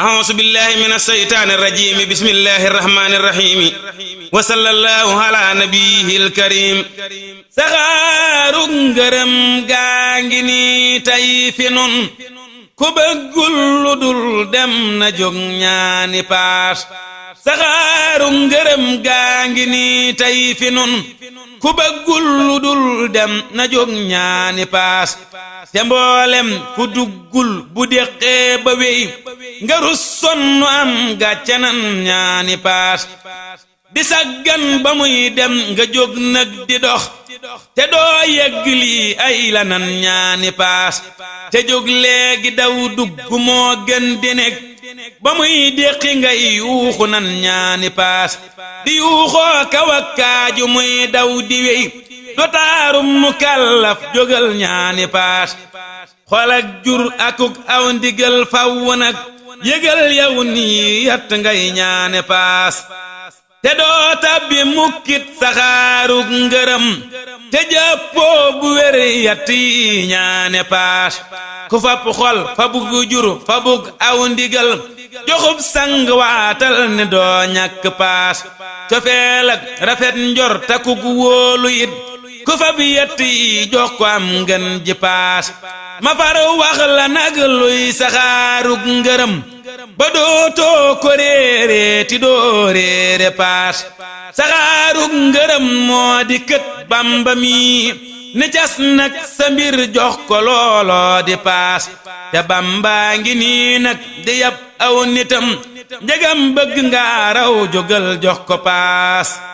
أعوذ بالله من الشيطان الرجيم بسم الله الرحمن الرحيم وصلى الله على نبيه الكريم saxaaru ngërëm gaa ngi nii tey fi nun ku bëggul lu dul dem na jóg ñaani paas saxaaru ngërëm gaa ngi nii tey fi nun ku bëggul lu dul dem na jóg ñaani paas te mboolem ku duggul bu deqee ba wey nga rus sonnu am gàcce nan ñaani paas di saggan ba muy dem nga jóg nag di dox te doo yegg lii ay nan ñaani paas te jog léegi daw dugg moo gën di nekk ba muy déqi ngay yuuxu nan ñaani paas di yuuxoo kaw ak kaaju muy daw di wey dotaarum mu kàllaf jógal ñaani paas xol ak jur akuk aw ndigal faw nag yëgal yow nii yatt ngay ñaane paas te doo tàbbi mukkit saxaarug ngërëm te jàppoo bu wér yatt yi ñaane paas ku fab xol fa bugg jur fa bugg aw ndigal joxub sang waatal ne doo ñàkk paas cofeel rafet njor takug wóolu it ku fab yatt yi jox ko am ngën ji paas ma faraw wax nag luy saxaarug ngërëm ba dootoo ko réere ti doo réere paas saxaarug ngërëm moo di kët bamba mi ne cas nag jox ko looloo di paas te bambaa ngi nii di yab aw nitam njegam bëgg nga raw jox ko paas